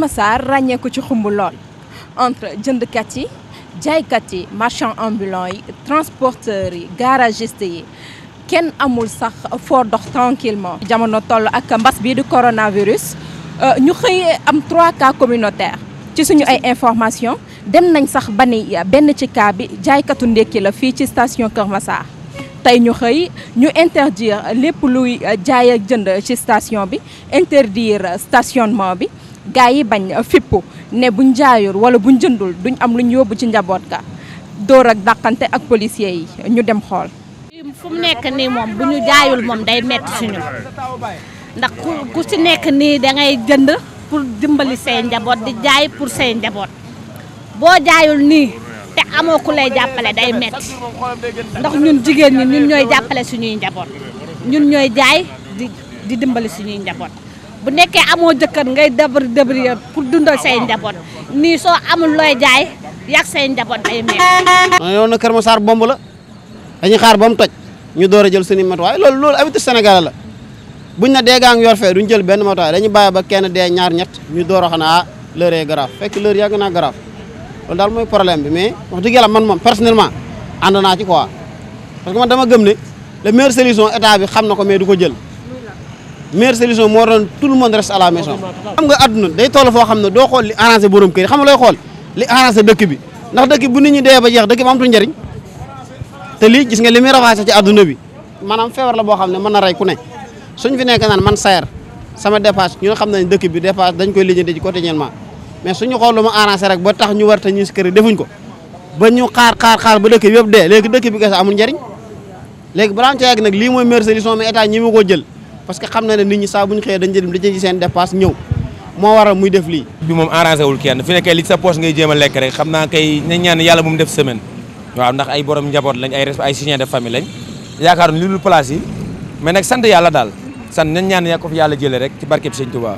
Masar ràññeeku ci xumb lool entre jëndkat yi jaaykat yi marchand ambulant yi transporteur yi garagiste yi kenn amul sax foo dox tranquillement jamono toll ak mbas bii di coronavirus euh, ñu xëyee am trois cas communautaires ci suñu ay information dem nañ sax ba ni euh, benn ci cas bi jaaykatu ndékki la fii ci station Kër Masar tey ñu xëy ñu interdire lépp luy euh, jaay ak jënd ci station bi interdire stationnement bi gars yi bañ fippu ne buñ jaayul wala buñ jëndul duñ am luñ yóbbu ci njaboot ga dóor ak dàqante ak policier yi ñu dem xool. fu mu nekk nii moom bu ñu jaayul moom day metti si ndax ku ku si nekk nii da ngay jënd pour dimbali say njaboot di jaay pour say njaboot boo jaayul nii. te amoo ku lay jappalé day metti ndax ñun jigéen ñi ñun ñoy jappalé suñuy njabot ñun ñoy jaay di di dimbali suñuy njabot bu nekké amo jëkkër ngay dabar dabar ya pour dundal say njabot ni so amul loy jaay yak say njabot day metti ñoo na Kër sar bomb la dañu xaar bam toj ñu doora jël suñu way lool lool habitude sénégal la buñ na dee ak yor fé duñ jël benn matuwaay dañu baye ba kenn dé ñaar ñet ñu doora a leuré ah, l'heure fekk l'heure yàgg loolu dal moy problème bi mais wax dëgg yalla man mom personnellement andana ci quoi parce que man dama gëm ni le meilleur solution état bi xam na ko mais duko jël meilleur solution mo doon tout le monde reste à la maison. xam nga aduna day toll fo xam do xol li arranger borom keur xam nga looy xool li arranger dekk bi ndax dekk bu nit ñi dee ba jeex dekk bi am tu njëriñ te li gis nga li muy ravager ci aduna bi manam fever la bo xamne man na ray ku ne suñ fi nek nan man sayer sama dépasse ñu xamnañ xam dëkk bi dépasse dañ koy lijjanti ci quotidiennement mais suñu xool lu mu arrangé rek ba tax ñu war ta kër defuñ ko ba ñu xaar xaar xaar ba dëkk bi yëpp dee léegi dëkk bi kese amul njariñ léegi balaa ca yàgg nag lii mooy meilleure solution ko jël parce que xam na ne nit ñi saa bu ñu xëyee dañ jël dañ ci bi moom arrangé wul kenn fi ne kay li ngay jéem a lekk rek xam naa kay nañ ñaan yàlla mu def semaine waaw ndax ay borom njaboot lañ ay ay chien de famille lañ yaakaaroon li dul place yi nag sant yàlla daal sant nañ ñaan yaa ko fi yàlla jëlee rek ci barkeb Sëñ Tuubaa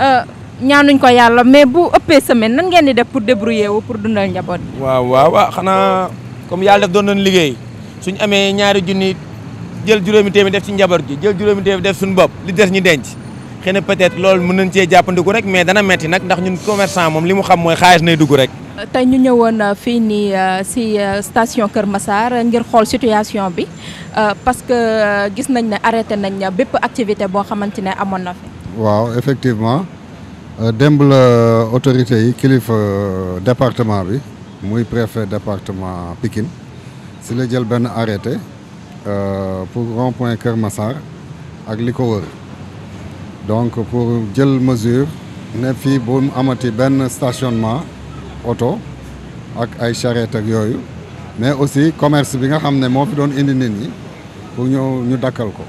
euh, ñaanuñ ko mais bu semaine nan ngeen di def pour débrouiller pour dundal njabot waaw waaw ah, xana comme yalla def doon nañ liggéey suñ ñaari def ci def li peut-être mën nañ rek mais dana metti ndax ñun commerçant xam rek. ñu euh, euh, euh, station Kër Massar ngir situation parce que gis nañ arrêté nañ bépp activité na fi. waaw effectivement. Euh, démb la autorité yi kilifa euh, département bi muy préfet département Pikine c'est la jël ben arrêté euh, pour grand point Kër Massar ak li donc pour jël mesure ne fi bon amati ben stationnement auto ak ay charrette ak yoyu mais aussi commerce bi nga xamné mo fi indi nit ni pour ñu ñu dakal ko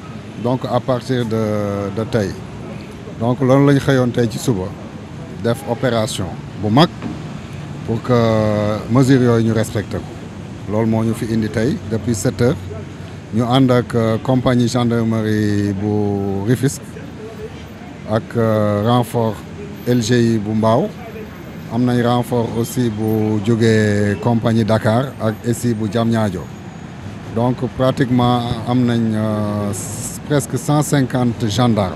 donc à partir de de taille donc ce la ñu avons fait opération pour que les euh, mesures nous respectent C'est ce que nous ñu depuis 7 heures avons avons la compagnie gendarmerie bu et le euh, renfort LGI bu Mbao am renfort aussi bu la compagnie Dakar ak aussi bu Diamniadio donc pratiquement nous euh, presque 150 gendarmes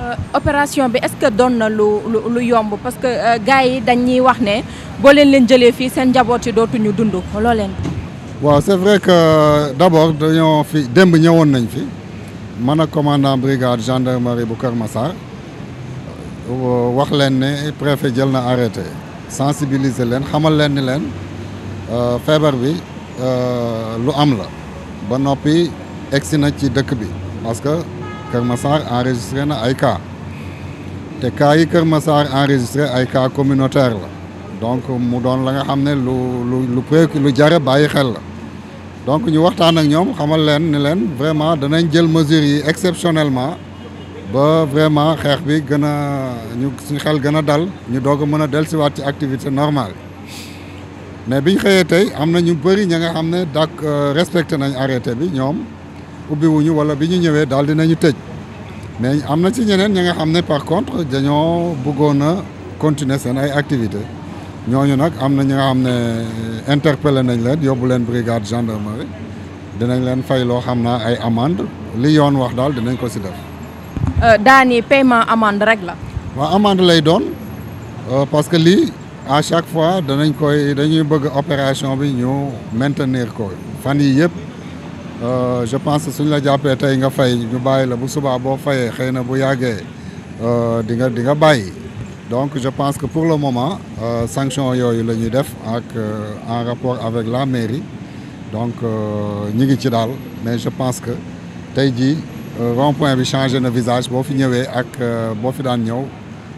Euh, opération bi est-ce que donne lu lu yomb parce que euh, gars yi dañuy wax ne len len leen fi sen seen ci lo len waaw c'est vrai que d'abord dañoo fi démb ñëwoon nañ fi man commandant brigade gendarmerie bu Massa, Massar euh, wax len ne préfet jël na arrêté sensibiliser len xamal len ni euh feebar bi lu am la ba nopi exina ci dëkk bi parce que. Carmassar enregistré na ay te cas yi Kër Massar enregistré ay communautaire la donc mu don la nga xam lu lu lu pré lu jare bàyyi xel la donc ñu waxtaan ak ñom xamal leen ni leen vraiment danañ jël mesure yi exceptionnellement ba vraiment xex bi gëna ñu suñu xel gëna dal ñu dogu mëna mën a dellusiwaat ci activité normale mais biñ xeyé tay amna ñu bëri ña nga xam dak respecté nañ arrêté bi ñom ubbi wuñu wala biñu ñëwé dal dinañu tej mais amna ci ñeneen ñi nga xamné par contre dañoo bëggoon continuer seen ay activités ñooñu nak amna ñi nga xamné interpeller nañ leen yóbbu leen brigade gendarmerie dinañ leen fay lo xamna ay amende li yoon wax dal dinañ ko si def. Euh, daani paiement amende rek la. wa amende lay doon euh parce que li à chaque fois danañ koy dañuy bëgg opération bi ñu maintenir ko fan yi yëpp. Euh, je pense que donc je pense que pour le moment euh, sanction sanctions la euh, en rapport avec la mairie donc mais je pense que tey changé visage pour fi avec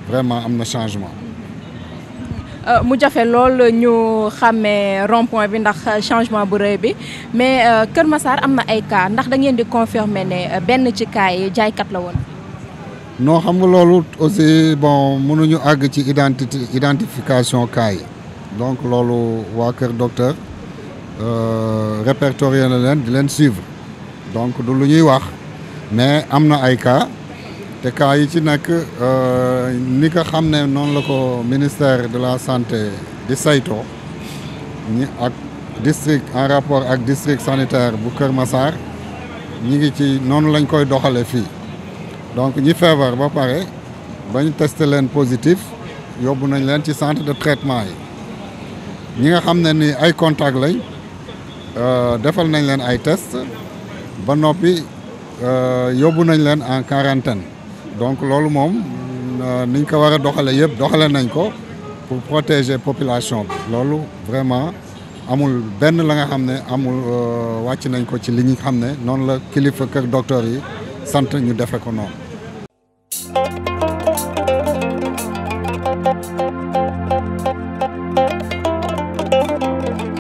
vraiment un changement euh, mu nous avons ñu rond point bi changement bu mais euh, Kër Massar na ay cas ndax da ngeen di confirmer le euh, benn ci non xam aussi bon nous avons identification donc Docteur suivre donc nous mais te cas yi ci nekk euh, ni nga xam ne la ko ministère de la santé di saytoo ñi ak district en rapport ak district sanitaire bu Kër Massar ñi ngi ci noonu lañ koy doxale fii donc ñi feebar ba pare bañ testé leen positif yóbbu nañ leen ci centre de traitement yi ñi nga xam ne ni ay contact lañ euh, defal nañ leen ay test ba n'opi euh, yóbbu nañ leen en quarantaine donc loolu moom euh, niñ ko war a doxale yëpp doxale nañ ko pour protéger population loolu vraiment amul benn la nga xam ne amul euh, wàcc nañ ko ci li ñu xam ne noonu la kilifa kër docteur yi sant ñu defe ko noonu